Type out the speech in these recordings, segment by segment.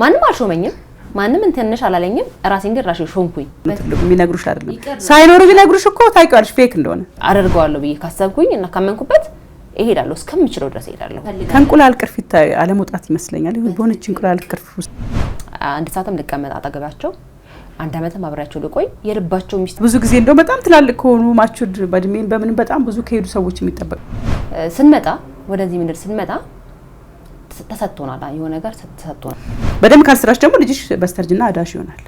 ማንም አልሾመኝም፣ ማንም እንትንሽ አላለኝም። ራሴን ግን ራሴ ሾምኩኝ። የሚነግሩሽ አይደለም ሳይኖሩ ቢነግሩሽ እኮ ታውቂዋለሽ ፌክ እንደሆነ። አደርገዋለሁ ብዬ ካሰብኩኝ እና ካመንኩበት እሄዳለሁ፣ እስከምችለው ድረስ እሄዳለሁ። ከእንቁላል ቅርፊት አለመውጣት ይመስለኛል። ይሁን በሆነች እንቁላል ቅርፍ ውስጥ አንድ ሰዓትም ልቀመጥ አጠገባቸው አንድ ዓመትም አብሬያቸው ልቆይ የልባቸው ሚስት ብዙ ጊዜ እንደው በጣም ትላልቅ ከሆኑ ማቹድ በእድሜም በምንም በጣም ብዙ ከሄዱ ሰዎች የሚጠበቅ ስንመጣ ወደዚህ ምድር ስንመጣ ተሰጥቶናል። የሆነ ነገር ተሰጥቶናል። በደንብ ካልስራሽ ደግሞ ልጅሽ በስተርጅና አዳሽ ይሆናል።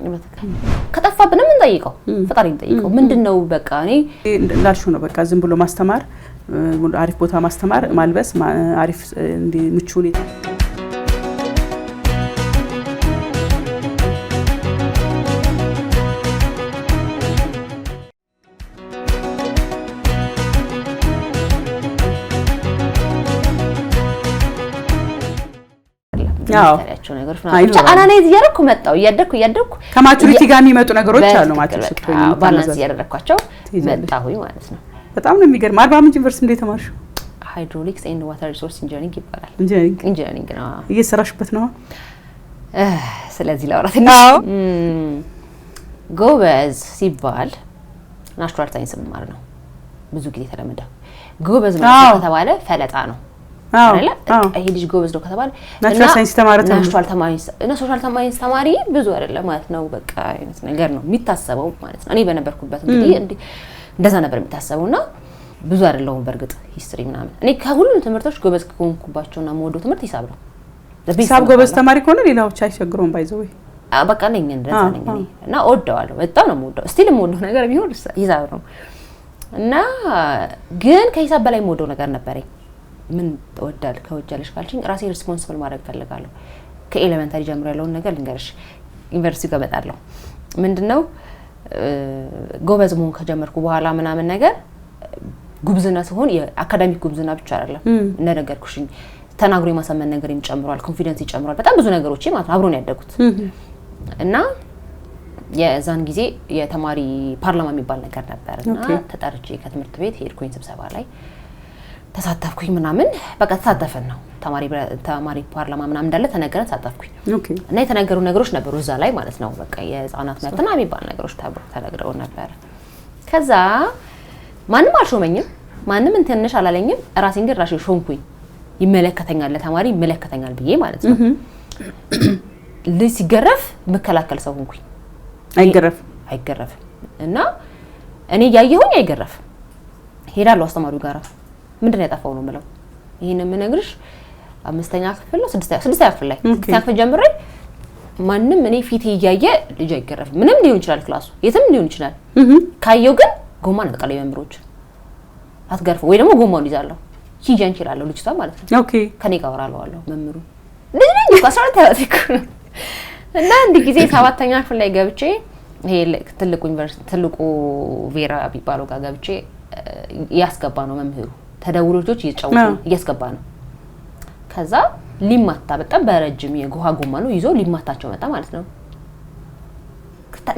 ከጠፋብንም እንጠይቀው፣ ፈጣሪ እንጠይቀው። ምንድን ነው በቃ እኔ እንዳልሽ ነው። በቃ ዝም ብሎ ማስተማር፣ አሪፍ ቦታ ማስተማር፣ ማልበስ፣ አሪፍ ምቹ ሁኔታ የሚታያቸው ነገሮች ብቻ አናላይዝ እያደረኩ መጣሁ። እያደግኩ እያደግኩ ከማቹሪቲ ጋር የሚመጡ ነገሮች አሉ ማለት ባላንስ እያደረግኳቸው መጣሁኝ ማለት ነው። በጣም ነው የሚገርም። አርባ ምንጭ ዩኒቨርሲቲ እንደ ተማርሽ ሃይድሮሊክስ ኤንድ ዋተር ሪሶርስ ኢንጂኒሪንግ ይባላል። ኢንጂኒሪንግ ነው እየሰራሽበት ነው። ስለዚህ ላውራት ነው። ጎበዝ ሲባል ናቹራል ሳይንስ መማር ነው ብዙ ጊዜ የተለመደው። ጎበዝ ነው ከተባለ ፈለጣ ነው አይደለ? ይሄ ልጅ ጎበዝ ነው ከተባለ ናቹራል ሳይንስ ተማሪ ተማሪ ብዙ አይደለም ማለት ነው። በቃ አይነት ነገር ነው የሚታሰበው ማለት ነው። እኔ በነበርኩበት እንግዲህ እንደዛ ነበር የሚታሰበው እና ብዙ አይደለሁም በእርግጥ ሂስትሪ ምናምን። እኔ ከሁሉም ትምህርቶች ጎበዝ ከሆንኩባቸውና የምወደው ትምህርት ሂሳብ ነው። ሂሳብ ጎበዝ ተማሪ ከሆነ ሌላዎች አይቸግረውም። ባይዘው በቃ ነኝ እንደዛ ነኝ እና እወደዋለሁ። በጣም ነው የምወደው። ስቲል የምወደው ነገር ቢሆን ሂሳብ ነው እና ግን ከሂሳብ በላይ የምወደው ነገር ነበረኝ ምን ወዳድ ከውጭ ያለሽ ካልሽኝ ራሴ ሪስፖንስብል ማድረግ እፈልጋለሁ። ከኤሌመንታሪ ጀምሮ ያለውን ነገር ልንገርሽ። ዩኒቨርሲቲ ገመጣለሁ ምንድን ነው ጎበዝ መሆን ከጀመርኩ በኋላ ምናምን ነገር ጉብዝና ሲሆን የአካዳሚክ ጉብዝና ብቻ አይደለም። እንደነገርኩሽኝ ተናግሮ የማሳመን ነገር ይጨምሯል፣ ኮንፊደንስ ይጨምሯል። በጣም ብዙ ነገሮች ማለት ነው። አብሮን ያደጉት እና የዛን ጊዜ የተማሪ ፓርላማ የሚባል ነገር ነበር እና ተጠርቼ ከትምህርት ቤት ሄድኩኝ ስብሰባ ላይ ተሳተፍኩኝ ምናምን በቃ ተሳተፈን ነው ተማሪ ፓርላማ ምናምን እንዳለ ተነገረ። ተሳተፍኩኝ እና የተነገሩ ነገሮች ነበሩ እዛ ላይ ማለት ነው። በቃ የህፃናት መብትና የሚባል ነገሮች ተነግረው ነበር ከዛ ማንም አልሾመኝም፣ ማንም እንትንሽ አላለኝም። ራሴን ግን ራሴ ሾምኩኝ። ይመለከተኛል፣ ለተማሪ ይመለከተኛል ብዬ ማለት ነው። ልጅ ሲገረፍ የምከላከል ሰው ሆንኩኝ። አይገረፍ አይገረፍ እና እኔ እያየሁኝ አይገረፍ ሄዳለሁ አስተማሪው ጋራ ምንድን ነው ያጠፋው ነው የምለው። ይህን የምነግርሽ አምስተኛ ክፍል ነው ስድስተኛ ክፍል ላይ ስድስተኛ ክፍል ጀምሬ ማንም እኔ ፊት እያየ ልጅ አይገረፍም። ምንም ሊሆን ይችላል፣ ክላሱ የትም ሊሆን ይችላል። ካየው ግን ጎማን አጠቃላይ መምህሮች አትገርፈው ወይ ደግሞ ጎማውን ይዛለሁ ሂጃን ይችላለሁ ልጅቷ ማለት ነው። ኦኬ ከኔ ጋር አወራለሁ መምህሩ ልጅ ነኝ እኮ 14 ዓመት እኮ ነው። እና አንድ ጊዜ ሰባተኛ ክፍል ላይ ገብቼ ይሄ ትልቁ ዩኒቨርሲቲ ትልቁ ቬራ የሚባለው ጋር ገብቼ ያስገባ ነው መምህሩ ተደውሎ ልጆች እየተጫወቱ ነው፣ እያስገባ ነው። ከዛ ሊማታ በጣም በረጅም የጉሃ ጎማ ነው ይዞ ሊማታቸው መጣ ማለት ነው።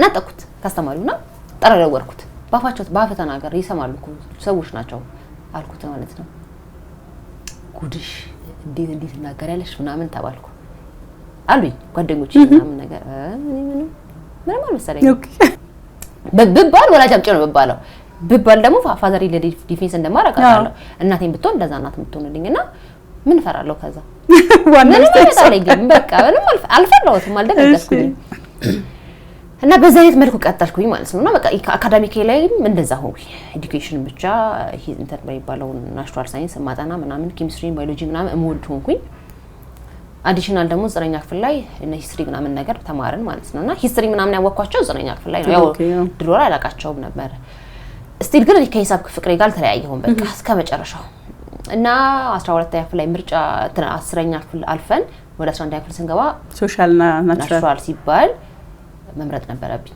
ነጠኩት ካስተማሪውና ጠራ ባፋቸው ባፈ ተናገር ይሰማሉ እኮ ሰዎች ናቸው አልኩት ማለት ነው። ጉድሽ እንዴት እንዴት ያለሽ ምናምን ተባልኩ አሉኝ ጓደኞች ምናምን ነገር ምንም አልመሰለኝ ብባል ወላጅ አምጪ ነው ብባለው ብባል ደግሞ ፋዘሬ ለዲፌንስ እንደማረጋለሁ እናቴን ብትሆን እንደዛ እናት የምትሆንልኝ እና ምን እፈራለሁ። ከዛ ዋናው ስታይል በቃ ምንም አልፈራሁትም፣ አልደነገጥኩኝም እና በዛ አይነት መልኩ ቀጠልኩኝ ማለት ነው። እና በቃ አካዳሚክ ላይ እንደዛ ሆንኩኝ። ኤዱኬሽን ብቻ ይሄ እንትን የሚባለው ናቹራል ሳይንስ ማጠና ምናምን፣ ኬሚስትሪ፣ ባዮሎጂ ምናምን እምወድ ሆንኩኝ። አዲሽናል ደግሞ ዘጠነኛ ክፍል ላይ እነ ሂስትሪ ምናምን ነገር ተማርን ማለት ነው። እና ሂስትሪ ምናምን ያወቅኳቸው ዘጠነኛ ክፍል ላይ ነው። ያው ድሮ ላይ አላውቃቸውም ነበር። ስቲል ግን ከሂሳብ ፍቅሬ ጋር አልተለያየሁም በቃ እስከ መጨረሻው እና አስራ ሁለተኛ ክፍል ላይ ምርጫ አስረኛ ክፍል አልፈን ወደ አስራ አንደኛ ክፍል ስንገባ ሶሻልና ናቹራል ሲባል መምረጥ ነበረብኝ።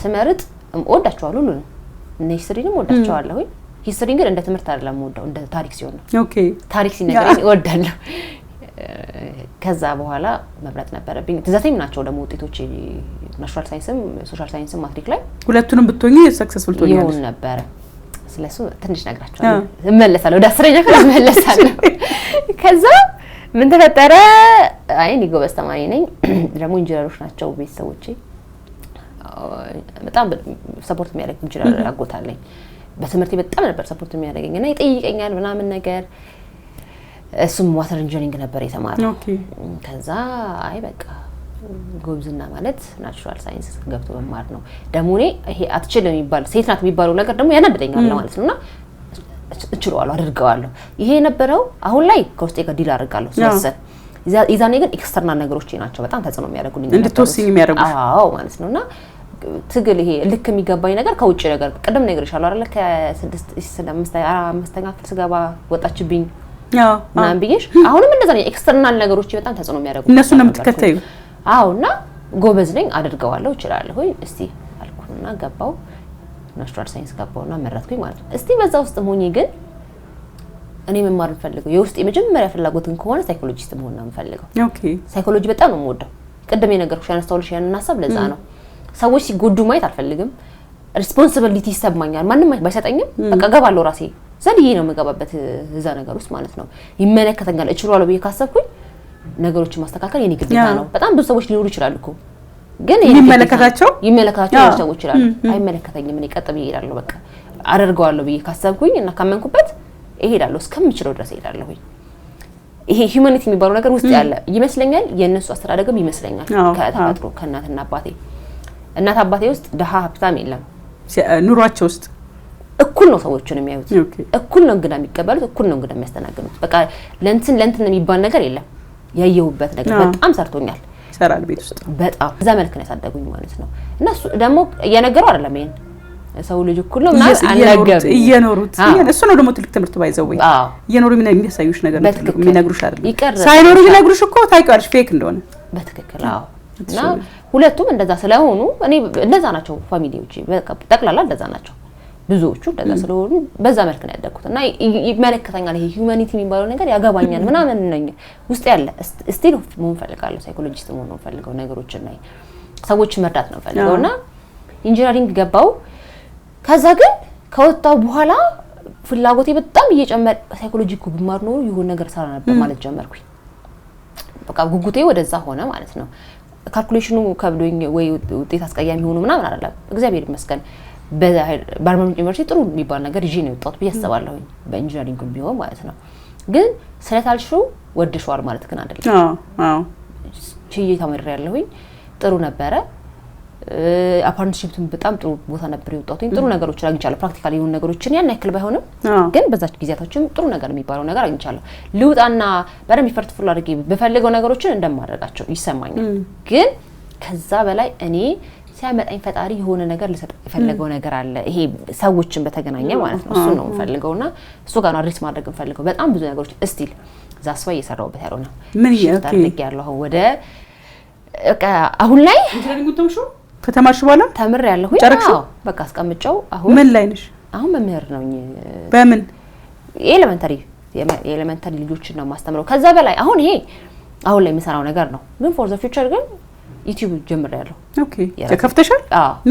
ስመርጥ እወዳቸዋለሁ ሁሉንም እነ ሂስትሪንም እወዳቸዋለሁኝ። ሂስትሪን ግን እንደ ትምህርት አይደለም እወዳው እንደ ታሪክ ሲሆን ነው። ታሪክ ሲነገረኝ እወዳለሁ። ከዛ በኋላ መምረጥ ነበረብኝ። ትዛቴም ናቸው ደግሞ ውጤቶች ናቹራል ሳይንስም ሶሻል ሳይንስም ማትሪክ ላይ ሁለቱንም ብትሆኚ ሰክሰስፉል ትሆኛለሽ ነበረ። ስለሱ ትንሽ ነግራቸዋለሁ፣ እመለሳለሁ። ወደ አስረኛ ክፍል እመለሳለሁ። ከዛ ምን ተፈጠረ? አይ እኔ ጎበዝ ተማሪ ነኝ፣ ደግሞ ኢንጂነሮች ናቸው ቤተሰቦቼ። በጣም ሰፖርት የሚያደርግ ኢንጂነር አጎታለኝ። በትምህርቴ በጣም ነበር ሰፖርት የሚያደርገኝ እና ይጠይቀኛል ምናምን ነገር እሱም ዋተር ኢንጂኒሪንግ ነበር የተማረው። ከዛ አይ በቃ ጎብዝና ማለት ናቹራል ሳይንስ ገብቶ መማር ነው። ደግሞ እኔ ይሄ አትችል የሚባል ሴት ናት የሚባለው ነገር ደግሞ ያናድደኛል ማለት ነው እና እችለዋለሁ አድርገዋለሁ። ይሄ የነበረው አሁን ላይ ከውስጤ ጋር ዲል አድርጋለሁ ስለሰን የዛኔ ግን ኤክስተርናል ነገሮች ናቸው በጣም ተጽዕኖ የሚያደርጉልኝ እንድትወስኝ የሚያደርጉ አዎ ማለት ነው እና ትግል ይሄ ልክ የሚገባኝ ነገር ከውጭ ነገር ቅድም ነገር ይሻሉ አለ ከስድስት አምስተኛ ክፍል ስገባ ወጣችብኝ ምናምን ብዬሽ አሁንም እንደዛ ነው። ኤክስተርናል ነገሮች በጣም ተጽዕኖ የሚያደርጉ እነሱ ነው የምትከተዩ? አዎ። እና ጎበዝ ነኝ አድርገዋለሁ እችላለሁ እስቲ አልኩና ገባው ናቹራል ሳይንስ ገባውና መረጥኩኝ ማለት ነው። እስቲ በዛ ውስጥ ሆኜ ግን እኔ መማር የምፈልገው የውስጥ የመጀመሪያ ፍላጎትን ከሆነ ሳይኮሎጂስት መሆን ነው የምፈልገው። ሳይኮሎጂ በጣም ነው የምወደው። ቅድም የነገርኩሽ ያነሳሁልሽ ያንን ሀሳብ ለዛ ነው። ሰዎች ሲጎዱ ማየት አልፈልግም። ሪስፖንሲቢሊቲ ይሰማኛል። ማንም ባይሰጠኝም በቃ እገባለሁ ራሴ ዘልዬ ነው የምገባበት እዛ ነገር ውስጥ ማለት ነው። ይመለከተኛል እችላለሁ ብዬ ካሰብኩኝ ነገሮችን ማስተካከል የኔ ግዴታ ነው። በጣም ብዙ ሰዎች ሊኖሩ ይችላሉ እኮ ግን ይመለከታቸው ይመለከታቸው ሰዎች ይችላሉ። አይመለከተኝም እኔ ቀጥ ብዬ እሄዳለሁ፣ በቃ አደርገዋለሁ ብዬ ካሰብኩኝ እና ካመንኩበት እሄዳለሁ፣ እስከምችለው ድረስ እሄዳለሁኝ። ይሄ ሂዩማኒቲ የሚባለው ነገር ውስጥ ያለ ይመስለኛል። የእነሱ አስተዳደግም ይመስለኛል ከተፈጥሮ ከእናትና አባቴ እናት አባቴ ውስጥ ድሀ ሀብታም የለም ኑሯቸው ውስጥ እኩል ነው ሰዎቹን የሚያዩት፣ እኩል ነው እንግዳ የሚቀበሉት፣ እኩል ነው እንግዳ የሚያስተናግዱት። በቃ ለእንትን ለእንትን የሚባል ነገር የለም። ያየሁበት ነገር በጣም ሰርቶኛል። ይሰራል ቤት ውስጥ በጣም እዛ መልክ ነው ያሳደጉኝ ማለት ነው። እና እሱ ደግሞ እየነገሩ አይደለም ይሄን ሰው ልጅ እኩል ነው ምናምን አልነገሩኝ፣ እየኖሩት እሱ ነው ደግሞ ትልቅ ትምህርት ባይዘው ወይ እየኖሩ የሚያሳዩሽ ነገር ነው የሚነግሩሽ አይደለም። ይቀር ሳይኖሩ ቢነግሩሽ እኮ ታውቂዋለሽ ፌክ እንደሆነ በትክክል አዎ። እና ሁለቱም እንደዛ ስለሆኑ እኔ እንደዛ ናቸው ፋሚሊዎች በቃ ጠቅላላ እንደዛ ናቸው። ብዙዎቹ እንደዛ ስለሆኑ በዛ መልክ ነው ያደግኩት እና ይመለከተኛል። ይሄ ሂውማኒቲ የሚባለው ነገር ያገባኛል ምናምን ነኝ ውስጥ ያለ ስቲል መሆን ፈልጋለሁ። ሳይኮሎጂስት መሆን ነው ፈልገው ነገሮችን ላይ ሰዎችን መርዳት ነው ፈልገው እና ኢንጂነሪንግ ገባው። ከዛ ግን ከወጣው በኋላ ፍላጎቴ በጣም እየጨመረ ሳይኮሎጂ እኮ ብማር ኖሮ ይሁን ነገር ሰራ ነበር ማለት ጀመርኩኝ። በቃ ጉጉቴ ወደዛ ሆነ ማለት ነው። ካልኩሌሽኑ ከብዶኝ ወይ ውጤት አስቀያሚ ሆኑ ምናምን አይደለም፣ እግዚአብሔር ይመስገን በአርባ ዩኒቨርሲቲ ጥሩ የሚባል ነገር ይዤ ነው የወጣሁት ብዬ አስባለሁ። በኢንጂነሪንግ ቢሆን ማለት ነው። ግን ስለታልሹ ወድሸዋል ማለት ግን አደለ ችዬ ተመሪ ያለሁኝ ጥሩ ነበረ። አፓርትመንትሽፕትም በጣም ጥሩ ቦታ ነበር የወጣሁት። ጥሩ ነገሮችን አግኝቻለሁ። ፕራክቲካል የሆኑ ነገሮችን ያን ያክል ባይሆንም ግን በዛች ጊዜያቶችም ጥሩ ነገር የሚባለው ነገር አግኝቻለሁ። ልውጣና በደንብ ይፈርትፉል አድርጌ በፈልገው ነገሮችን እንደማደርጋቸው ይሰማኛል። ግን ከዛ በላይ እኔ ሲያመጣኝ ፈጣሪ የሆነ ነገር ልሰጥ የፈለገው ነገር አለ። ይሄ ሰዎችን በተገናኘ ማለት ነው። እሱን ነው የምፈልገው እና እሱ ጋር ነው አድሬስ ማድረግ የምፈልገው በጣም ብዙ ነገሮች እስቲል ዛስባ እየሰራሁበት ያለው ነው። ምን ያርግ ያለሁ ወደ አሁን ላይ ከተማሽ በኋላ ተምር ያለሁ በቃ አስቀምጨው። አሁን ምን ላይ ነሽ? አሁን መምህር ነው። በምን ኤሌመንተሪ የኤሌመንተሪ ልጆችን ነው ማስተምረው። ከዛ በላይ አሁን ይሄ አሁን ላይ የሚሰራው ነገር ነው። ግን ፎር ዘ ፊውቸር ግን ዩቲዩብ ጀምሬያለሁ። ኦኬ ከፍተሻል?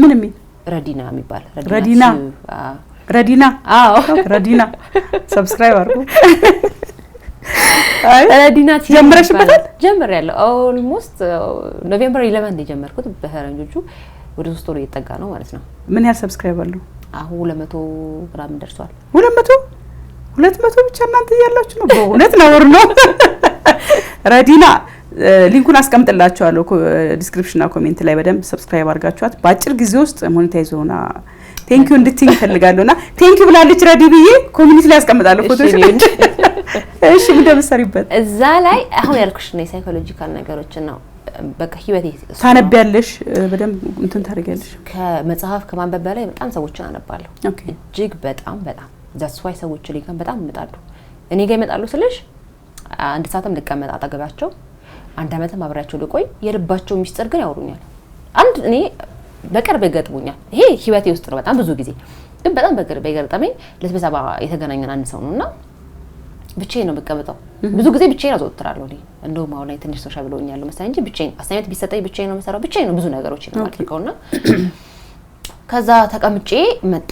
ምን የሚል ረዲና የሚባል ረዲና ረዲና ረዲና ሰብስክራይብ አድርጉ። ረዲና ጀምረሽበታል? ጀምሬያለሁ። ኦልሞስት ኖቬምበር ኢለቨን የጀመርኩት በፈረንጆቹ። ወደ ሶስት ወር እየጠጋ ነው ማለት ነው። ምን ያህል ሰብስክራይብ አለው? አሁን ሁለት መቶ ምናምን ደርሷል። ሁለት መቶ ሁለት መቶ ብቻ እናንተ እያላችሁ ነው። በእውነት ነውር ነው። ረዲና ሊንኩን አስቀምጥላችኋለሁ ዲስክሪፕሽንና ኮሜንት ላይ በደንብ ሰብስክራይብ አድርጋችኋት በአጭር ጊዜ ውስጥ ሞኔታይዝ ሆና ቴንኪዩ እንድትኝ እፈልጋለሁ ና ቴንኪዩ ብላለች ረዲ ብዬ ኮሚኒቲ ላይ አስቀምጣለሁ ፎቶች። እሺ እንደምትሰሪበት እዛ ላይ አሁን ያልኩሽ ነው የሳይኮሎጂካል ነገሮችን ነው በቃ ህይወት ታነቢያለሽ፣ በደንብ እንትን ታደርጊያለሽ። ከመጽሐፍ ከማንበብ በላይ በጣም ሰዎችን አነባለሁ እጅግ በጣም በጣም ዛስዋይ ሰዎች ሊጋ በጣም ይመጣሉ እኔ ጋር ይመጣሉ ስልሽ አንድ ሰዓትም ልቀመጥ አጠገባቸው አንድ አመት አብሬያቸው ልቆይ፣ የልባቸው ሚስጥር ግን ያወሩኛል። አንድ እኔ በቅርብ ይገጥሙኛል። ይሄ ህይወቴ ውስጥ ነው። በጣም ብዙ ጊዜ ግን በጣም በቅርብ የገጠመኝ ለስብሰባ የተገናኘን አንድ ሰው ነው እና ብቻዬን ነው የምቀመጠው። ብዙ ጊዜ ብቻዬን አዘወትራለሁ። እኔ እንደውም አሁን ላይ ትንሽ ሶሻል ብለውኛል መሰለኝ እንጂ ብቻዬን አስተያየት ቢሰጠኝ ብቻዬን ነው የምሰራው። ብቻዬን ነው ብዙ ነገሮች የማደርገው እና ከዛ ተቀምጬ መጣ።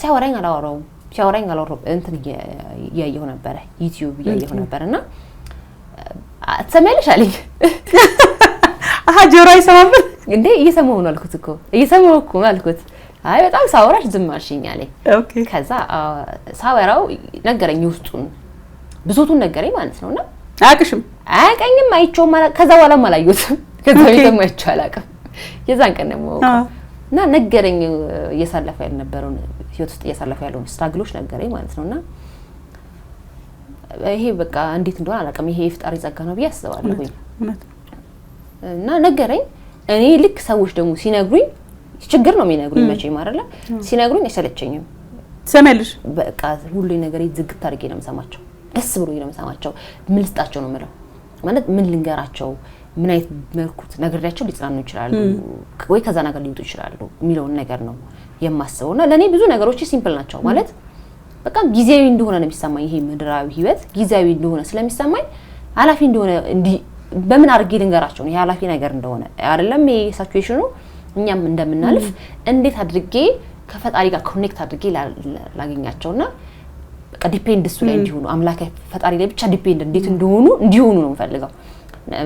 ሲያወራኝ አላወራውም፣ ሲያወራኝ አላወራውም። እንትን እያየሁ ነበረ ዩቲዩብ እያየሁ ነበር እና ትሰሚያለሽ አለኝ። አሀ ጆሮ አይሰማም እንዴ? እየሰማሁ ነው አልኩት እኮ እየሰማሁ እኮ አልኩት። አይ በጣም ሳወራሽ ዝም አልሽኝ አለኝ። ኦኬ ከዛ ሳወራው ነገረኝ፣ ውስጡን ብዙቱን ነገረኝ ማለት ነውና አያውቅሽም? አያውቀኝም፣ አይቼውም አላውቅም። ከዛ በኋላም አላየሁትም። ከዛ ቤትም አይቼው አላውቅም። የዛን ቀን ደግሞ እና ነገረኝ፣ እያሳለፈ ያልነበረውን ህይወት ውስጥ እያሳለፈ ያለውን ስታግሎች ነገረኝ ማለት ነውና ይሄ በቃ እንዴት እንደሆነ አላውቅም። ይሄ የፍጣሪ ጸጋ ነው ብዬ አስባለሁኝ እና ነገረኝ። እኔ ልክ ሰዎች ደግሞ ሲነግሩኝ ችግር ነው የሚነግሩኝ መቼም አይደለ ሲነግሩኝ አይሰለቸኝም። ትሰሚያለሽ? በቃ ሁሉ ነገር ዝግት አድርጌ ነው የምሰማቸው። ደስ ብሎኝ ነው የምሰማቸው። ምን ልስጣቸው ነው የምለው ማለት ምን ልንገራቸው ምን አይነት መልኩት ነግሬያቸው ሊጽናኑ ይችላሉ ወይ ከዛ ነገር ሊወጡ ይችላሉ የሚለውን ነገር ነው የማስበው እና ለእኔ ብዙ ነገሮች ሲምፕል ናቸው ማለት በቃ ጊዜያዊ እንደሆነ ነው የሚሰማኝ። ይሄ ምድራዊ ህይወት ጊዜያዊ እንደሆነ ስለሚሰማኝ ኃላፊ እንደሆነ በምን አድርጌ ልንገራቸው ነው ኃላፊ ነገር እንደሆነ አይደለም። ይሄ ሳቹዌሽኑ እኛም እንደምናልፍ እንዴት አድርጌ ከፈጣሪ ጋር ኮኔክት አድርጌ ላገኛቸውና በቃ ዲፔንድ እሱ ላይ እንዲሆኑ አምላክ ፈጣሪ ላይ ብቻ ዲፔንድ እንዴት እንደሆኑ እንዲሆኑ ነው የምፈልገው።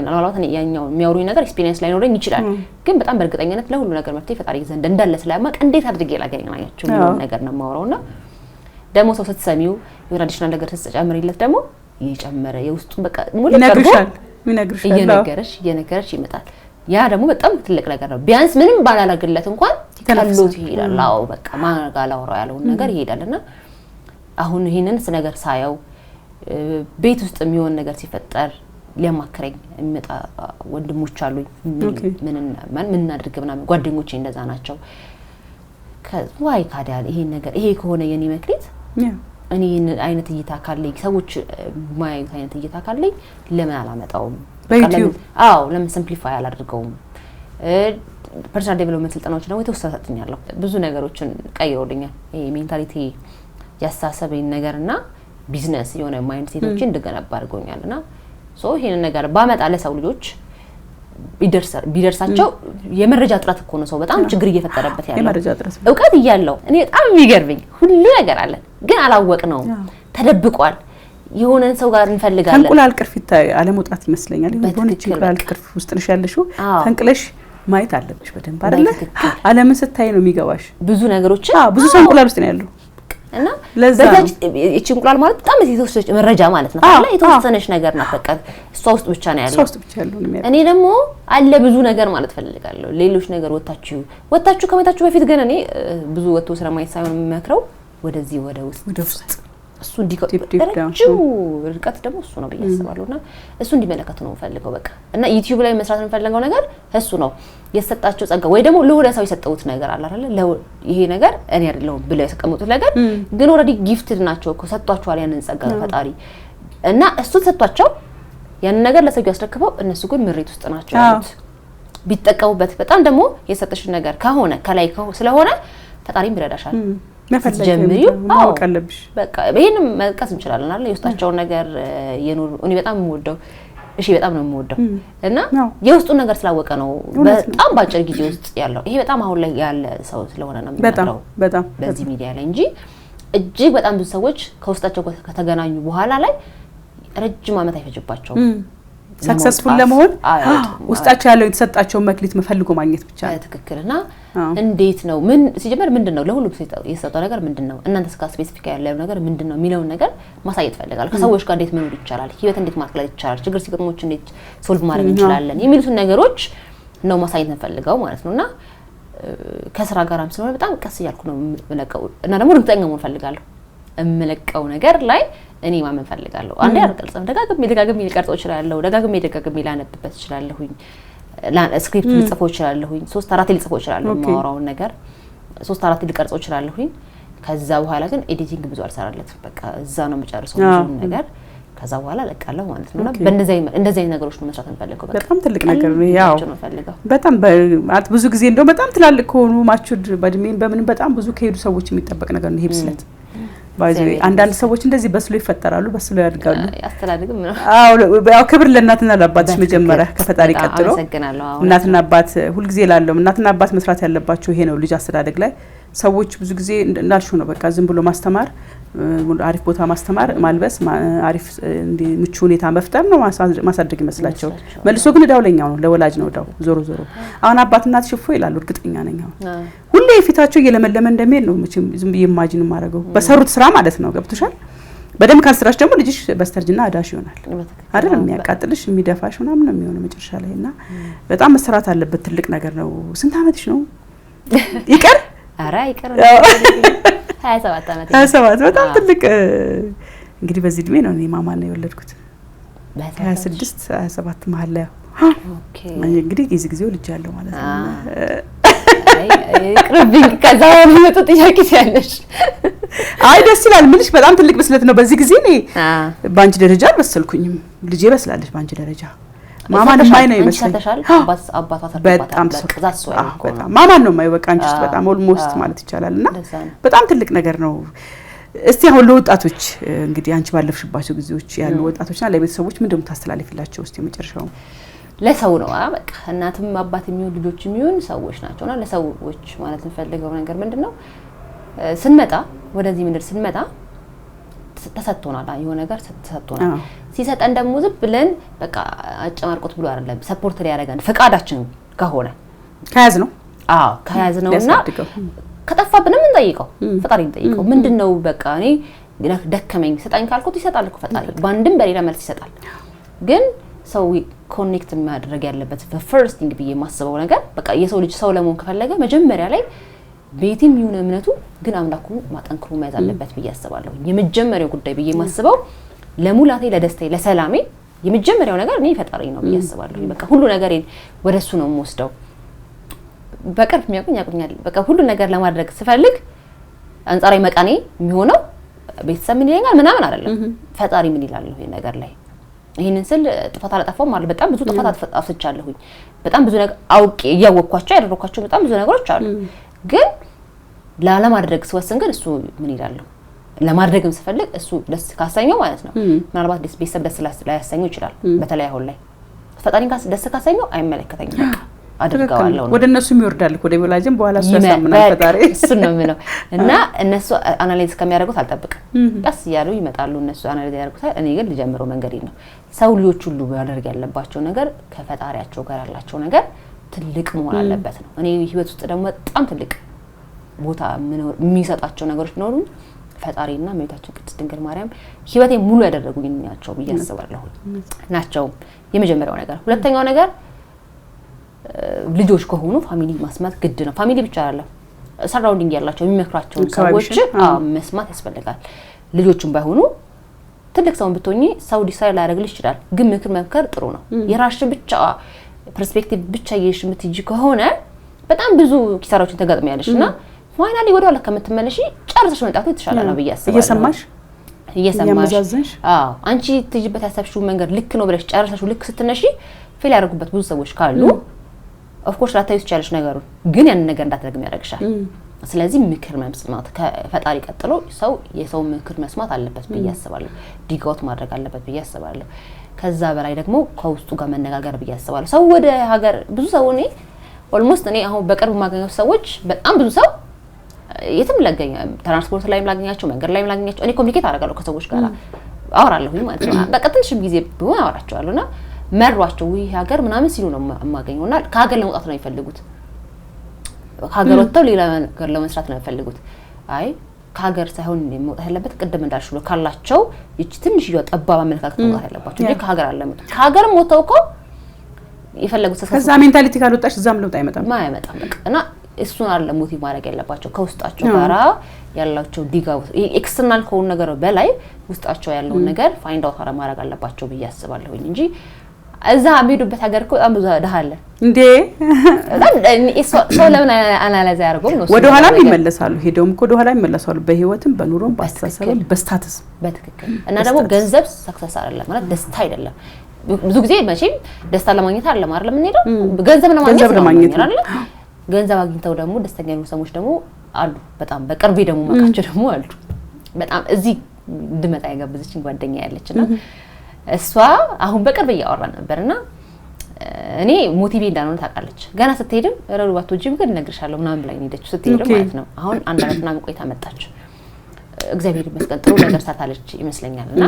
ምናልባት ያኛው የሚያወሩኝ ነገር ኤክስፒሪየንስ ላይኖረኝ ይችላል፣ ግን በጣም በእርግጠኝነት ለሁሉ ነገር መፍትሄ ፈጣሪ ዘንድ እንዳለ ስለማቅ እንዴት አድርጌ ላገኛቸው ነገር ነው የማወራው እና ደግሞ ሰው ስትሰሚው የሆነ አዲሽናል ነገር ስትጨምሪለት ደግሞ እየጨመረ የውስጡን በቃ ሙሉ እየነገረሽ እየነገረሽ ይመጣል። ያ ደግሞ በጣም ትልቅ ነገር ነው። ቢያንስ ምንም ባላላግለት እንኳን ቀሎት ይሄዳል። አዎ በቃ ማጋ ላውራው ያለውን ነገር ይሄዳል። እና አሁን ይህንን ስ ነገር ሳየው ቤት ውስጥ የሚሆን ነገር ሲፈጠር ሊያማክረኝ የሚመጣ ወንድሞች አሉኝ። ምን እናድርግ ምናምን ጓደኞቼ እንደዛ ናቸው። ዋይ ካዲያ ይሄን ነገር ይሄ ከሆነ የኔ መክሊት እኔ ይህን አይነት እይታ ካለኝ ሰዎች ማያዩት አይነት እይታ ካለኝ ለምን አላመጣውም? አዎ ለምን ሲምፕሊፋይ አላድርገውም? ፐርሰናል ዴቨሎፕመንት ስልጠናዎች ደግሞ የተወሰነ ሰጥኛለሁ። ብዙ ነገሮችን ቀይሮልኛል። ይሄ ሜንታሊቲ ያሳሰበኝ ነገር እና ቢዝነስ የሆነ ማይንድ ሴቶች hmm. እንድገነባ አድርጎኛል እና ይሄንን ነገር ባመጣ ለሰው ልጆች ቢደርሳቸው የመረጃ እጥረት እኮ ነው ሰው በጣም ችግር እየፈጠረበት ያለው እውቀት እያለው እኔ በጣም የሚገርምኝ ሁሉ ነገር አለን፣ ግን አላወቅ ነው ተደብቋል። የሆነን ሰው ጋር እንፈልጋለን። ከእንቁላል ቅርፊት አለመውጣት ይመስለኛል። ሆነች እንቁላል ቅርፍ ውስጥ ነሽ ያለሽው ተንቅለሽ ማየት አለብሽ በደንብ አይደለ? አለምን ስታይ ነው የሚገባሽ ብዙ ነገሮችን። ብዙ ሰው እንቁላል ውስጥ ነው ያለው እና በዛች እንቁላል ማለት በጣም የተወሰነች መረጃ ማለት ነው አይደል? የተወሰነች ነገር ናት። በቃ እሷ ውስጥ ብቻ ነው ያለው። እኔ ደግሞ አለ ብዙ ነገር ማለት ፈልጋለሁ። ሌሎች ነገር ወታችሁ ወታችሁ ከመታችሁ በፊት ገና እኔ ብዙ ወጥቶ ስለማየት ሳይሆን የሚመክረው ወደዚህ ወደ ውስጥ ወደ ውስጥ እሱ እንዲረጅሙ ርቀት ደግሞ እሱ ነው ብዬ አስባለሁ። እና እሱ እንዲመለከቱ ነው የምፈልገው በቃ እና ዩቲዩብ ላይ መስራት የምፈልገው ነገር እሱ ነው። የሰጣቸው ጸጋ ወይ ደግሞ ለሆነ ሰው የሰጠውት ነገር አለ አይደለ? ይሄ ነገር እኔ አይደለሁም ብለው ያስቀመጡት ነገር ግን ኦልሬዲ ጊፍትድ ናቸው እኮ ሰጥቷቸዋል፣ ያንን ጸጋ ፈጣሪ እና እሱ ተሰጥቷቸው ያንን ነገር ለሰው ያስረክበው፣ እነሱ ግን ምሬት ውስጥ ናቸው ያሉት። ቢጠቀሙበት በጣም ደግሞ የሰጠሽን ነገር ከሆነ ከላይ ስለሆነ ፈጣሪም ይረዳሻል። ጀምሪው በቃ ይሄንም መጥቀስ እንችላለን አይደል? የውስጣቸውን ነገር የኖሩ እኔ በጣም የምወደው እሺ በጣም ነው የምወደው እና የውስጡን ነገር ስላወቀ ነው በጣም በአጭር ጊዜ ውስጥ ያለው ይሄ በጣም አሁን ላይ ያለ ሰው ስለሆነ ነው በጣም በዚህ ሚዲያ ላይ እንጂ እጅግ በጣም ብዙ ሰዎች ከውስጣቸው ከተገናኙ በኋላ ላይ ረጅም ዓመት አይፈጅባቸውም። ሰክሰስፉል ለመሆን ውስጣቸው ያለው የተሰጣቸውን መክሊት መፈልጎ ማግኘት ብቻ ነው። ትክክል እና እንዴት ነው ምን ሲጀመር ምንድን ነው ለሁሉም የተሰጠው ነገር ምንድን ነው እናንተ እስካ ስፔሲፊክ ያለው ነገር ምንድን ነው የሚለውን ነገር ማሳየት ይፈልጋል። ከሰዎች ጋር እንዴት መኖር ይቻላል፣ ህይወት እንዴት ማቅለል ይቻላል፣ ችግር ሲገጥሞች እንዴት ሶልቭ ማድረግ እንችላለን የሚሉትን ነገሮች ነው ማሳየት እንፈልገው ማለት ነው እና ከስራ ጋራም ስለሆነ በጣም ቀስ እያልኩ ነው የምለቀው እና ደግሞ እርግጠኛ መሆን እፈልጋለሁ የምለቀው ነገር ላይ እኔ ማመን ፈልጋለሁ። አንዴ አልቀርጽም፣ ደጋግሜ ደጋግሜ ልቀርጾ እችላለሁ። ደጋግሜ ደጋግሜ ላነብበት እችላለሁኝ። ስክሪፕት ልጽፎ እችላለሁኝ። ሶስት አራት ልጽፎ እችላለሁ። የማወራውን ነገር ሶስት አራት ልቀርጾ እችላለሁኝ። ከዛ በኋላ ግን ኤዲቲንግ ብዙ አልሰራለትም። በቃ እዛ ነው የምጨርሰው ብዙ ነገር ከዛ በኋላ ለቃለሁ ማለት ነው። በእንደዚህ እንደዚህ አይነት ነገሮች ነው መስራት እንፈልገው። በጣም ትልቅ ነገር ነው። ያው በጣም ብዙ ጊዜ እንደው በጣም ትላልቅ ከሆኑ ማቹድ በእድሜ በምንም በጣም ብዙ ከሄዱ ሰዎች የሚጠበቅ ነገር ነው ይሄ ብስለት አንዳንድ ሰዎች እንደዚህ በስሎ ይፈጠራሉ፣ በስሎ ያድጋሉ። አስተዳደግም ያው ክብር ለእናትና ለአባትሽ መጀመሪያ ከፈጣሪ ቀጥሎ እናትና አባት ሁልጊዜ ላለውም እናትና አባት መስራት ያለባቸው ይሄ ነው። ልጅ አስተዳደግ ላይ ሰዎች ብዙ ጊዜ እንዳልሽው ነው፣ በቃ ዝም ብሎ ማስተማር አሪፍ ቦታ ማስተማር፣ ማልበስ፣ አሪፍ ምቹ ሁኔታ መፍጠር ነው ማሳደግ ይመስላቸው። መልሶ ግን እዳው ለኛው ነው ለወላጅ ነው እዳው። ዞሮ ዞሮ አሁን አባት እናት ሽፎ ይላሉ። እርግጠኛ ነኝ አሁን ሁሌ የፊታቸው እየለመለመ እንደሚሄድ ነው መቼም ዝም ብዬ ኢማጂን የማደርገው በሰሩት ስራ ማለት ነው። ገብቶሻል? በደንብ ካልስራሽ ደግሞ ልጅሽ በስተርጅና አዳሽ ይሆናል አይደል? የሚያቃጥልሽ የሚደፋሽ ምናምን ነው የሚሆነው መጨረሻ ላይ እና በጣም መሰራት አለበት። ትልቅ ነገር ነው። ስንት አመትሽ ነው? ይቀር ኧረ ይቀር ሀያ ሰባት ዓመት ሀያ ሰባት በጣም ትልቅ እንግዲህ በዚህ እድሜ ነው እኔ ማማ ነው የወለድኩት ሀያ ስድስት ሀያ ሰባት መሀል ላይ እንግዲህ ጊዜ ጊዜው ልጅ ያለው ማለት ነው። ቅርብኝ ከዛ የሚመጡ ጥያቄ ያለሽ አይ ደስ ይላል። ምልሽ በጣም ትልቅ ብስለት ነው። በዚህ ጊዜ እኔ በአንቺ ደረጃ አልበሰልኩኝም። ልጄ በስላለች በአንቺ ደረጃ ማማን ማይ ነው ይመስለኝ። ማማን ነው የማየው። በቃ አንቺ ውስጥ በጣም ኦልሞስት ማለት ይቻላል። እና በጣም ትልቅ ነገር ነው። እስቲ አሁን ለወጣቶች እንግዲህ አንቺ ባለፍሽባቸው ጊዜዎች ያሉ ወጣቶችና ለቤተሰቦች ምንድን ነው የምታስተላልፊላቸው? እስቲ መጨረሻው ለሰው ነው በቃ እናትም አባት የሚሆን ልጆች የሚሆን ሰዎች ናቸው። ናቸውና ለሰዎች ማለት እንፈልገው ነገር ምንድን ነው ስንመጣ ወደዚህ ምድር ስንመጣ ተሰጥቶናል፣ የሆነ ነገር ተሰጥቶናል። ሲሰጠን ደግሞ ዝም ብለን በቃ አጨማርቆት ብሎ አይደለም ሰፖርት ሊያደርገን ፈቃዳችን ከሆነ ከያዝ ነው። አዎ ከያዝ ነው እና ከጠፋብንም እንጠይቀው፣ ፈጣሪ እንጠይቀው። ምንድን ነው በቃ እኔ ደከመኝ ስጠኝ ካልኩት ይሰጣል እኮ ፈጣሪ፣ በአንድም በሌላ መልስ ይሰጣል። ግን ሰው ኮኔክት የሚያደርግ ያለበት በፈርስቲንግ ብዬ የማስበው ነገር በቃ የሰው ልጅ ሰው ለመሆን ከፈለገ መጀመሪያ ላይ ቤትም ይሁን እምነቱ ግን አምላኩ ማጠንክሮ መያዝ አለበት ብዬ አስባለሁ። የመጀመሪያው ጉዳይ ብዬ የማስበው ለሙላቴ፣ ለደስታዬ፣ ለሰላሜ የመጀመሪያው ነገር እኔ ፈጣሪ ነው ብዬ አስባለሁ። በቃ ሁሉ ነገሬን ወደ እሱ ነው የምወስደው። በቅርብ የሚያውቁኝ ያውቁኛል። በቃ ሁሉ ነገር ለማድረግ ስፈልግ አንጻራዊ መቃኔ የሚሆነው ቤተሰብ ምን ይለኛል ምናምን አይደለም፣ ፈጣሪ ምን ይላል ይሄ ነገር ላይ ይህንን ስል ጥፋት አላጠፋውም አለ። በጣም ብዙ ጥፋት አጥፍቻለሁኝ። በጣም ብዙ ነገር አውቄ እያወቅኳቸው ያደረኳቸው በጣም ብዙ ነገሮች አሉ ግን ላለማድረግ ስወስን ግን እሱ ምን ይላለሁ ለማድረግም ስፈልግ እሱ ደስ ካሰኘው ማለት ነው። ምናልባት ቤተሰብ ደስ ላያሰኘው ይችላል። በተለይ አሁን ላይ ፈጣሪ ደስ ካሰኘው አይመለከተኝም አድርገዋለሁ ወደ እነሱ የሚወርዳል ወደ ቢላጅም በኋላ እሱ ያሳምናል ፈጣሪ እሱ ነው የምለው እና እነሱ አናላይዝ ከሚያደርጉት አልጠብቅም። ቀስ እያሉ ይመጣሉ እነሱ አናላይዝ ያደርጉታል። እኔ ግን ልጀምረው መንገድ ነው። ሰው ልጆች ሁሉ ማድረግ ያለባቸው ነገር ከፈጣሪያቸው ጋር ያላቸው ነገር ትልቅ መሆን አለበት ነው። እኔ ህይወት ውስጥ ደግሞ በጣም ትልቅ ቦታ የሚሰጣቸው ነገሮች ቢኖሩም ፈጣሪና እመቤታችን ቅድስት ድንግል ማርያም ህይወቴ ሙሉ ያደረጉኝ ናቸው ብዬ አስባለሁ። ናቸው የመጀመሪያው ነገር። ሁለተኛው ነገር ልጆች ከሆኑ ፋሚሊ ማስማት ግድ ነው። ፋሚሊ ብቻ አይደለም፣ ሰራውንዲንግ ያላቸው የሚመክሯቸውን ሰዎች መስማት ያስፈልጋል። ልጆችም ባይሆኑ ትልቅ ሰውን ብትሆኚ ሰው ዲሳይ ላያደርግልሽ ይችላል፣ ግን ምክር መምከር ጥሩ ነው። የራሽ ብቻ ፐርስፔክቲቭ ብቻ የሽ የምትሄጂ ከሆነ በጣም ብዙ ኪሳራዎችን ተጋጥሚያለሽ እና ኋላ ላይ ኋላ ከምትመለሽ ጨርሰሽ መምጣቱ የተሻለ ነው ብዬ አስባለሁ። እየሰማሽ እየሰማሽ አዎ፣ አንቺ ትጅበት ያሰብሽው መንገድ ልክ ነው ብለሽ ጨርሰሽው ልክ ስትነሺ ፌል ያደርጉበት ብዙ ሰዎች ካሉ ኦፍኮርስ ላታዩ ትችላለሽ። ነገሩን ግን ያንን ነገር እንዳትደግም ያደርግሻል። ስለዚህ ምክር መስማት ከፈጣሪ ቀጥሎ ሰው የሰው ምክር መስማት አለበት ብዬ አስባለሁ። ዲጋውት ማድረግ አለበት ብዬ አስባለሁ። ከዛ በላይ ደግሞ ከውስጡ ጋር መነጋገር ብዬ አስባለሁ። ሰው ወደ ሀገር ብዙ ሰው እኔ ኦልሞስት እኔ አሁን በቅርብ ማገኘው ሰዎች በጣም ብዙ ሰው የትም ላገኛ ትራንስፖርት ላይም ላገኛቸው፣ መንገድ ላይም ላገኛቸው እኔ ኮሚኒኬት አደርጋለሁ ከሰዎች ጋር አወራለሁኝ ማለት ነው። በቃ ትንሽም ጊዜ ቢሆን አወራቸዋለሁ እና መሯቸው ይህ ሀገር ምናምን ሲሉ ነው የማገኘው። እና ከሀገር ለመውጣት ነው የሚፈልጉት። ከሀገር ወጥተው ሌላ ነገር ለመስራት ነው የሚፈልጉት። አይ ከሀገር ሳይሆን መውጣት ያለበት ቅድም እንዳልሽ ብሎ ካላቸው ይቺ ትንሽዬ ጠባብ አመለካከት መውጣት ያለባቸው እንጂ ከሀገር አለመጡ ከሀገርም ወጥተው እኮ የፈለጉት ከዛ ሜንታሊቲ ካልወጣሽ እዛም ለውጥ አይመጣም አይመጣም እና እሱን አለ ሞቲቭ ማድረግ ያለባቸው ከውስጣቸው ጋራ ያላቸው ዲጋ ኤክስተርናል ከሆኑ ነገር በላይ ውስጣቸው ያለውን ነገር ፋይንድ አውት ማድረግ አለባቸው ብዬ አስባለሁኝ እንጂ እዛ የሚሄዱበት ሀገር እኮ በጣም ብዙ ድሀ አለ እንዴ! ሰው ለምን አናላይዝ ያደርገው ነው? ወደ ኋላም ይመለሳሉ። ሄደውም እኮ ወደ ኋላ ይመለሳሉ። በህይወትም፣ በኑሮም፣ በአስተሳሰብም፣ በስታትስ በትክክል እና ደግሞ ገንዘብ ሰክሰስ አይደለም ማለት ደስታ አይደለም። ብዙ ጊዜ መቼም ደስታ ለማግኘት አይደለም አይደለም የምንሄደው ገንዘብ ለማግኘት ነው። ገንዘብ አግኝተው ደግሞ ደስተኛ የሆኑ ሰዎች ደግሞ አሉ። በጣም በቅርቤ ደግሞ መቃቸው ደግሞ አሉ። በጣም እዚህ እንድመጣ የጋበዘችኝ ጓደኛ ያለች እና እሷ አሁን በቅርብ እያወራ ነበር እና እኔ ሞቲቬ እንዳልሆነ ታውቃለች። ገና ስትሄድም ረዱ ባቶጂም ግን እነግርሻለሁ ምናምን ብላኝ ሄደችው ስትሄድም ማለት ነው። አሁን አንድ አመት ምናምን ቆይታ መጣች። እግዚአብሔር ይመስገን ጥሩ ነገር ሳታለች ይመስለኛል። እና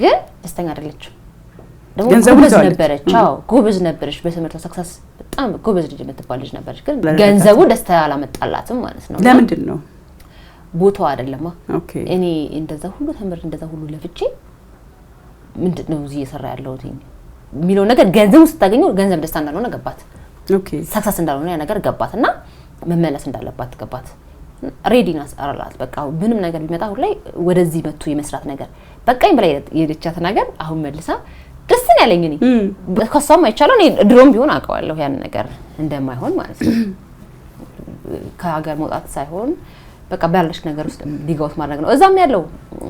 ግን ደስተኛ አይደለችም። ደግሞ ጎበዝ ነበረች። አዎ ጎበዝ ነበረች በትምህርት ሰክሰስ በጣም ጎበዝ ልጅ የምትባል ልጅ ነበረች፣ ግን ገንዘቡ ደስታ አላመጣላትም ማለት ነው። ለምንድን ነው ቦታው አይደለማ። እኔ እንደዛ ሁሉ ተምር እንደዛ ሁሉ ለፍቼ ምንድን ነው እዚህ እየሰራ ያለሁት የሚለው ነገር ገንዘቡ ስታገኘው ገንዘብ ደስታ እንዳልሆነ ገባት፣ ሰክሰስ እንዳልሆነ ያ ነገር ገባት እና መመለስ እንዳለባት ገባት። ሬዲ ናስራላት በቃ ምንም ነገር ቢመጣ አሁን ላይ ወደዚህ መቱ የመስራት ነገር በቃኝ ብላ የሄደቻት ነገር አሁን መልሳ ደስ ነው ያለኝ። እኔ ከሷም አይቻለው እኔ ድሮም ቢሆን አውቀዋለሁ ያን ነገር እንደማይሆን ማለት ነው። ከሀገር መውጣት ሳይሆን በቃ ባለሽ ነገር ውስጥ ሊገውት ማድረግ ነው። እዛም ያለው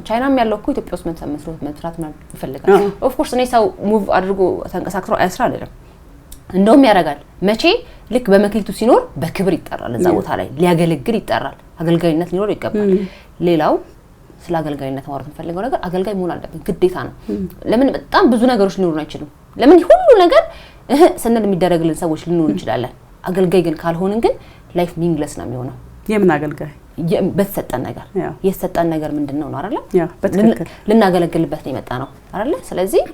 ቻይናም ያለው እኮ ኢትዮጵያ ውስጥ መስራት መስራት ይፈልጋል። ኦፍኮርስ እኔ ሰው ሙቭ አድርጎ ተንቀሳቅሶ አይስራ አይደለም፣ እንደውም ያደርጋል። መቼ ልክ በመክሊቱ ሲኖር በክብር ይጠራል፣ እዛ ቦታ ላይ ሊያገለግል ይጠራል፣ አገልጋይነት ሊኖር ይገባል። ሌላው ስለ አገልጋይነት ማውራት የምፈልገው ነገር አገልጋይ መሆን አለብን፣ ግዴታ ነው። ለምን በጣም ብዙ ነገሮች ሊኖሩን አይችሉም። ለምን ሁሉ ነገር እህ ስንል የሚደረግልን ሰዎች ልንሆን እንችላለን። አገልጋይ ግን ካልሆንን ግን ላይፍ ሚንግለስ ነው የሚሆነው። የምን አገልጋይ በተሰጠን ነገር የተሰጠን ነገር ምንድን ነው ነው አለ ልናገለግልበት ነው የመጣ ነው አለ ስለዚህ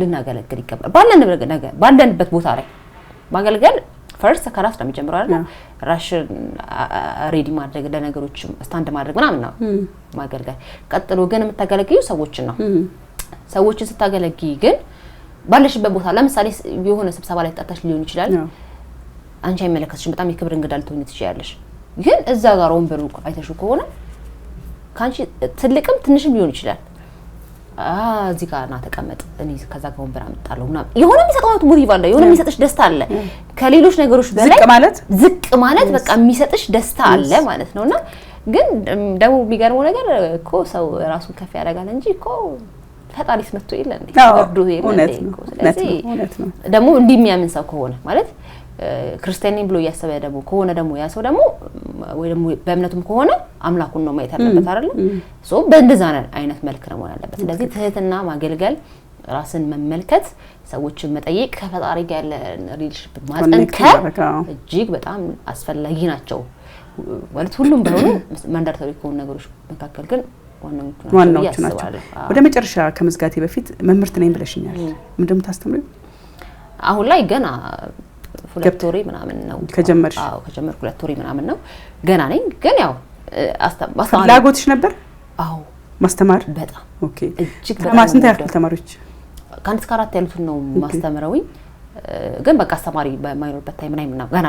ልናገለግል ይገባል ባለንበት ቦታ ላይ ማገልገል ፈርስት ከራስ ነው የሚጀምረው አይደል? ራሽን ሬዲ ማድረግ ለነገሮች ስታንድ ማድረግ ምናምን ነው ማገልገል። ቀጥሎ ግን የምታገለግዩ ሰዎችን ነው። ሰዎችን ስታገለግይ ግን ባለሽበት ቦታ ለምሳሌ የሆነ ስብሰባ ላይ ተጠርተሽ ሊሆን ይችላል። አንቺ አይመለከትሽም። በጣም የክብር እንግዳ ልትሆኚ ትችያለሽ። ግን እዛ ጋር ወንበሩ አይተሽው ከሆነ ከአንቺ ትልቅም ትንሽም ሊሆን ይችላል እዚህ ጋር ና ተቀመጥ፣ እኔ ከዛ ከወንበር አመጣለሁ ምናምን የሆነ የሚሰጠው ሞቲቭ አለ፣ የሆነ የሚሰጥሽ ደስታ አለ። ከሌሎች ነገሮች በላይ ዝቅ ማለት ዝቅ ማለት በቃ የሚሰጥሽ ደስታ አለ ማለት ነውና፣ ግን ደግሞ የሚገርመው ነገር እኮ ሰው ራሱን ከፍ ያደርጋል እንጂ እኮ ፈጣሪስ መጥቶ የለ እንዴ ወርዶ የለ እንዴ። ስለዚህ ደግሞ እንዲህ የሚያምን ሰው ከሆነ ማለት ክርስቲያን ብሎ እያሰበ ደግሞ ከሆነ ደግሞ ያ ሰው ደግሞ ወይ ደግሞ በእምነቱም ከሆነ አምላኩን ነው ማየት አለበት አይደለ? ሶ በእንደዛ አይነት መልክ ነው ያለበት። ስለዚህ ትህትና ማገልገል ራስን መመልከት፣ ሰዎችን መጠየቅ፣ ከፈጣሪ ጋር ያለን ሪሌሽንሽፕ ማጠንከር እጅግ በጣም አስፈላጊ ናቸው። ማለት ሁሉም ባይሆኑ መንደርታዊ ከሆኑ ነገሮች መካከል ግን ዋናዎቹ ናቸው። ወደ መጨረሻ ከመዝጋቴ በፊት መምህርት ነኝ ብለሽኛል። ምንድነው የምታስተምሪው? አሁን ላይ ገና ሁለት ወሬ ምናምን ነው ከጀመርሽ? አዎ ከጀመርኩ ሁለት ወሬ ምናምን ነው ገና ነኝ። ግን ያው ፍላጎትሽ ነበር? አዎ ማስተማር በጣም ኦኬ። እጅግ ስንት ያክል ተማሪዎች? ከአንድ እስከ አራት ያሉትን ነው ማስተምረውኝ። ግን በቃ አስተማሪ በማይኖርበት ታይም ላይ ምናምን ገና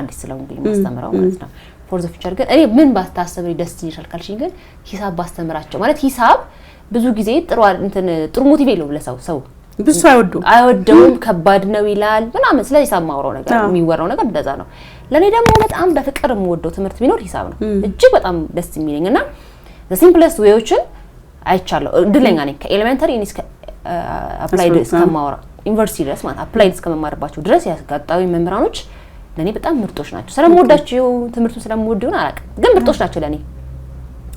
ማስተምረው ማለት ነው። ፎር ዘ ግን እኔ ምን ባታስተምሪ ደስ ይልሻል ካልሽኝ ግን ሂሳብ ባስተምራቸው ማለት ሂሳብ ብዙ ጊዜ ጥሩ እንትን ጥሩ ሞቲቭ የለውም ለሰው ሰው ብዙ አይወደው አይወደውም ከባድ ነው ይላል ምናምን። ስለዚህ ሂሳብ ማውራው ነገር የሚወራው ነገር እንደዛ ነው። ለእኔ ደግሞ በጣም በፍቅር የምወደው ትምህርት ቢኖር ሂሳብ ነው። እጅግ በጣም ደስ የሚለኝ እና ሲምፕለስት ዌዎችን አይቻለሁ። እድለኛ ነኝ ከኤሌመንተሪ እስከ አፕላይድ እስከማወራ ዩኒቨርሲቲ ድረስ ማለት አፕላይድ እስከመማርባቸው ድረስ ያጋጣዊ መምህራኖች ለእኔ በጣም ምርጦች ናቸው። ስለምወዳቸው ትምህርቱን ስለምወድ ይሆን አላውቅም፣ ግን ምርጦች ናቸው ለእኔ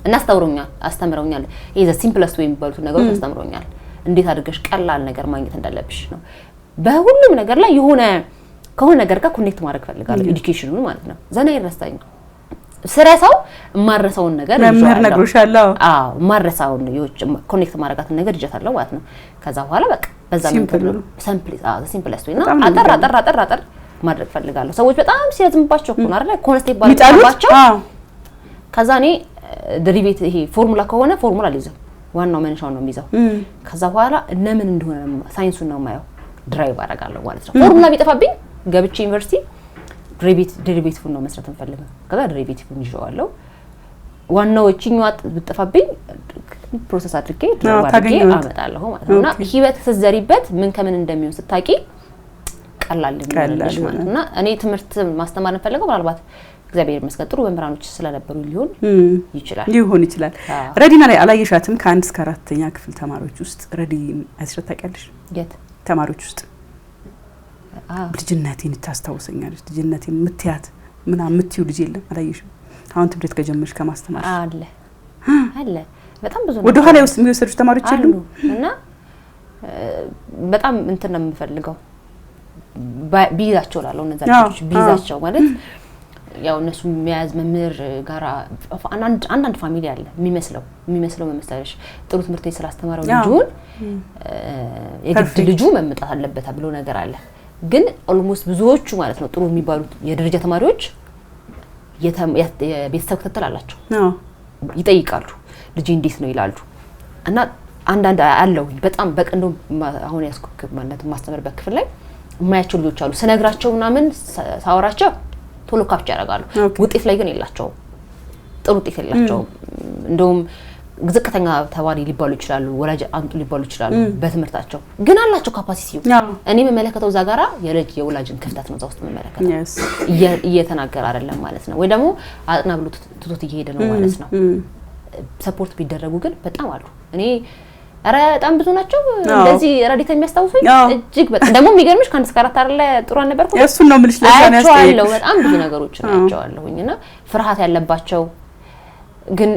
እና አስተምረውኛል አስተምረውኛል። ይሄ ዘ ሲምፕለስት ወይ የሚባሉትን ነገሮች አስተምረውኛል። እንዴት አድርገሽ ቀላል ነገር ማግኘት እንዳለብሽ ነው። በሁሉም ነገር ላይ የሆነ ከሆነ ነገር ጋር ኮኔክት ማድረግ ፈልጋለሁ። ኤዱኬሽኑ ማለት ነው። ዘና ይረሳኝ ስረሳው የማረሳውን ነገር መምህር ነግሮሻለሁ። አዎ የማረሳውን የውጭ ኮኔክት ማድረጋትን ነገር ይጀታለሁ ማለት ነው። ከዛ በኋላ በቃ በዛ ምንድን ነው ሲምፕል አዎ ሲምፕልስ ነው። አጠር አጠር አጠር አጠር ማድረግ ፈልጋለሁ። ሰዎች በጣም ሲያዝምባቸው እኮ ነው አይደል? ኮንስቴፕት ባለባቸው ከዛ እኔ ድሪቤት ይሄ ፎርሙላ ከሆነ ፎርሙላ ልይዘው ዋናው መነሻውን ነው የሚይዘው። ከዛ በኋላ ለምን እንደሆነ ሳይንሱን ነው የማየው፣ ድራይቭ አደርጋለሁ ማለት ነው። ፎርሙላ ቢጠፋብኝ ገብቼ ዩኒቨርሲቲ ድሪቬቲቭን ነው መስራት እንፈልገው። ከዛ ድሪቬቲቭን ይዤዋለሁ። ዋናው እችኛዋ ብጠፋብኝ ፕሮሰስ አድርጌ ድራይቭ አድርጌ አመጣለሁ ማለት ነው። እና ህይወት ስትዘሪበት ምን ከምን እንደሚሆን ስታቂ ቀላል ማለት ነው። እና እኔ ትምህርት ማስተማር እንፈልገው ምናልባት እግዚአብሔር ይመስገን ጥሩ መምህራኖች ስለነበሩ ሊሆን ይችላል ሊሆን ይችላል። ረዲና ላይ አላየሻትም? ከአንድ እስከ አራተኛ ክፍል ተማሪዎች ውስጥ ረዲ አይተሻት ታውቂያለሽ? የት ተማሪዎች ውስጥ ልጅነቴን ታስታውሰኛለች፣ ልጅነቴን ምትያት ምናምን ምትዩ ልጅ የለም? አላየሽም? አሁን ትምህርት ከጀመርሽ ከማስተማር አለ አለ በጣም ብዙ ወደ ኋላ ውስጥ የሚወሰዱት ተማሪዎች የሉም። እና በጣም እንትን ነው የምፈልገው ቢይዛቸው ላለው እነዛ ልጆች ቢይዛቸው ማለት ያው እነሱ መያዝ መምህር ጋራ አንዳንድ ፋሚሊ አለ የሚመስለው የሚመስለው መመሰለሽ ጥሩ ትምህርት ቤት ስላስተማረው ልጁን የግድ ልጁ መምጣት አለበት ብሎ ነገር አለ። ግን ኦልሞስት ብዙዎቹ ማለት ነው ጥሩ የሚባሉት የደረጃ ተማሪዎች የቤተሰብ ክትትል አላቸው፣ ይጠይቃሉ። ልጅ እንዴት ነው ይላሉ። እና አንዳንድ አለው በጣም በቅ አሁን ያስኮክ ማለት ማስተምርበት ክፍል ላይ የማያቸው ልጆች አሉ ስነግራቸው ምናምን ሳወራቸው ቶሎ ካፕቻ ያደርጋሉ። ውጤት ላይ ግን የላቸውም፣ ጥሩ ውጤት የላቸውም። እንደውም ዝቅተኛ ተማሪ ሊባሉ ይችላሉ፣ ወላጅ አምጡ ሊባሉ ይችላሉ። በትምህርታቸው ግን አላቸው ካፓሲቲ። እኔ የምመለከተው እዛ ጋራ የልጅ የወላጅን ክፍተት ነው እዛ ውስጥ የምመለከተው። እየተናገረ አይደለም ማለት ነው፣ ወይ ደግሞ አጥና ብሎ ትቶት እየሄደ ነው ማለት ነው። ሰፖርት ቢደረጉ ግን በጣም አሉ እኔ ኧረ በጣም ብዙ ናቸው። እንደዚህ ረዲት የሚያስታውሱኝ እጅግ በጣም ደግሞ የሚገርምሽ ከአንድ እስከ አራት አይደለ ጥሩ አልነበርኩም። እሱን ነው የምልሽ። አያቸዋለሁ በጣም ብዙ ነገሮች አያቸዋለሁኝ እና ፍርሃት ያለባቸው ግን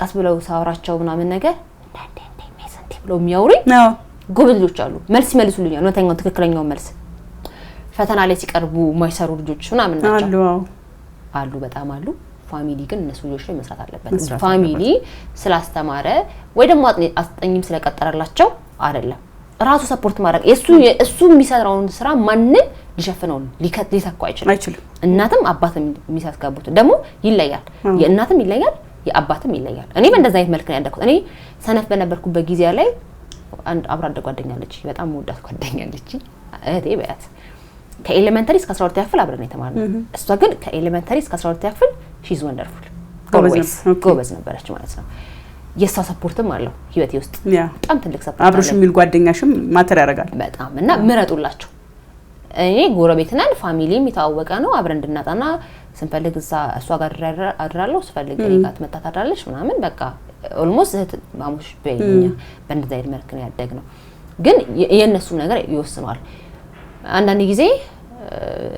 ቀስ ብለው ሳወራቸው ምናምን ነገር እንዳንዴ እንዴ ሜሰንቲ ብለው የሚያውሩኝ ጎበዝ ልጆች አሉ። መልስ ይመልሱልኛል። መልስ ፈተና ላይ ሲቀርቡ የማይሰሩ ልጆች ምናምን ናቸው አሉ፣ በጣም አሉ። ፋሚሊ ግን እነሱ ልጆች ላይ መስራት አለበት። ፋሚሊ ስላስተማረ ወይ ደግሞ አስጠኝም ስለቀጠረላቸው አይደለም። ራሱ ሰፖርት ማድረግ እሱ እሱ የሚሰራውን ስራ ማንም ሊሸፍነው ሊተኩ አይችልም። እናትም አባትም የሚያስጋቡት ደግሞ ይለያል። የእናትም ይለያል፣ የአባትም ይለያል። እኔ በእንደዛ አይነት መልክ ነው ያደኩት። እኔ ሰነፍ በነበርኩበት ጊዜ ላይ አንድ አብራደ ጓደኛለች፣ በጣም ወዳት ጓደኛለች፣ እህቴ በያት ከኤሌመንተሪ እስከ 12 ክፍል አብረን የተማርነው። እሷ ግን ከኤሌመንተሪ እስከ 12 ክፍል ሺዝ ወንደርፉል ጎበዝ ነበረች ማለት ነው። የእሷ ሰፖርትም አለው ህይወቴ ውስጥ በጣም ትልቅ ሰፖርት። አብሮሽ የሚል ጓደኛሽም ማተር ያደርጋል በጣም እና ምረጡላቸው። እኔ ጎረቤት ነን፣ ፋሚሊም የተዋወቀ ነው። አብረን እንድናጣና ስንፈልግ እዛ እሷ ጋር አድራለሁ፣ ስፈልግ እኔ ጋር ትመጣ ታድራለች ምናምን በቃ ኦልሞስት እህት ማሞሽ በኛ በእንደዛ አይነት መልክ ነው ያደግ ነው። ግን የእነሱም ነገር ይወስኗል። አንዳንድ ጊዜ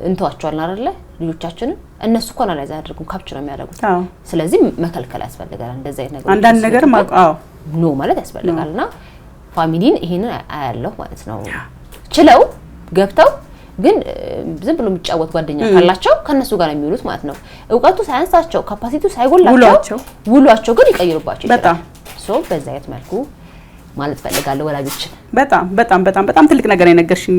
እንተዋቸዋል አይደለ? ልጆቻችንን እነሱ እኮ አናላይዝ አያደርጉም ካፕቸር ነው የሚያደርጉት። ስለዚህ መከልከል ያስፈልጋል። እንደዚህ አይነት ነገር አንዳንድ ነገር ኖ ማለት ያስፈልጋል። እና ፋሚሊን ይሄንን አያለሁ ማለት ነው። ችለው ገብተው ግን ዝም ብሎ የሚጫወት ጓደኛ ካላቸው ከእነሱ ጋር የሚውሉት ማለት ነው። እውቀቱ ሳያንሳቸው ካፓሲቲው ሳይጎላቸው ውሏቸው ግን ይቀይሩባቸው ይችላል። ሶ በዛ አይነት መልኩ ማለት ፈልጋለሁ ወላጆች በጣም በጣም በጣም በጣም ትልቅ ነገር የነገርሽኝ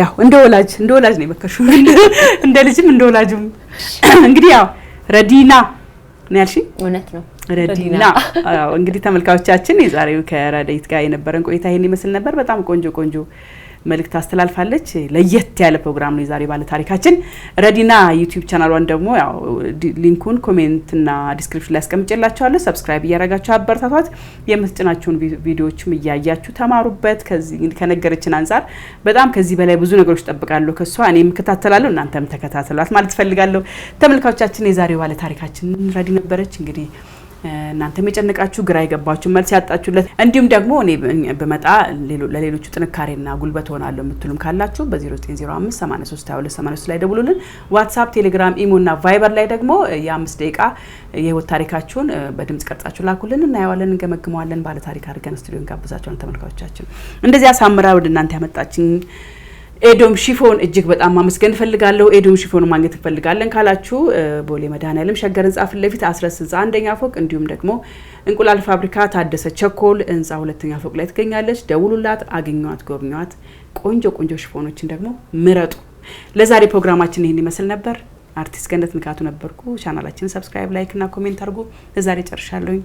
ያው እንደ ወላጅ እንደ ወላጅ ነው የመከርሽው፣ እንደ ልጅም እንደ ወላጅም እንግዲህ ያው ረዲና ነው ያልሽኝ። እውነት ነው ረዲና። እንግዲህ ተመልካቾቻችን የዛሬው ጋር የነበረን ቆይታ ይሄን ይመስል ነበር። በጣም ቆንጆ ቆንጆ መልእክት አስተላልፋለች። ለየት ያለ ፕሮግራም ነው የዛሬ ባለታሪካችን። ረዲና ዩቲዩብ ቻናሏን ደግሞ ያው ሊንኩን ኮሜንትና ዲስክሪፕሽን ላይ አስቀምጬላችኋለሁ። ሰብስክራይብ እያረጋችሁ አበረታቷት። የምትጭናችሁን ቪዲዮዎችም እያያችሁ ተማሩበት። ከነገረችን አንጻር በጣም ከዚህ በላይ ብዙ ነገሮች ጠብቃለሁ ከሷ። እኔ የምከታተላለሁ፣ እናንተም ተከታተሏት ማለት ትፈልጋለሁ። ተመልካቾቻችን፣ የዛሬው ታሪካችን ረዲ ነበረች እንግዲህ እናንተም የጨነቃችሁ ግራ የገባችሁ መልስ ያጣችሁለት እንዲሁም ደግሞ እኔ በመጣ ለሌሎቹ ጥንካሬና ጉልበት ሆናለሁ የምትሉም ካላችሁ በ0905832283 ላይ ደውሉልን። ዋትሳፕ፣ ቴሌግራም፣ ኢሞና ቫይበር ላይ ደግሞ የአምስት ደቂቃ የህይወት ታሪካችሁን በድምጽ ቀርጻችሁ ላኩልን። እናየዋለን፣ እንገመግመዋለን። ባለ ታሪክ አድርገን ስቱዲዮ እንጋብዛቸዋለን። ተመልካቾቻችን እንደዚህ አሳምራ ወደ እናንተ ያመጣችኝ ኤዶም ሺፎን እጅግ በጣም ማመስገን እፈልጋለሁ። ኤዶም ሺፎን ማግኘት እንፈልጋለን ካላችሁ ቦሌ መድኃኔዓለም ሸገር ህንፃ ፊት ለፊት አስረስ ህንፃ አንደኛ ፎቅ እንዲሁም ደግሞ እንቁላል ፋብሪካ ታደሰ ቸኮል ህንፃ ሁለተኛ ፎቅ ላይ ትገኛለች። ደውሉላት፣ አገኟት፣ ጎብኟት። ቆንጆ ቆንጆ ሽፎኖችን ደግሞ ምረጡ። ለዛሬ ፕሮግራማችን ይህን ይመስል ነበር። አርቲስት ገነት ንጋቱ ነበርኩ። ቻናላችን ሰብስክራይብ፣ ላይክ እና ኮሜንት አድርጉ። ለዛሬ ጨርሻለሁኝ።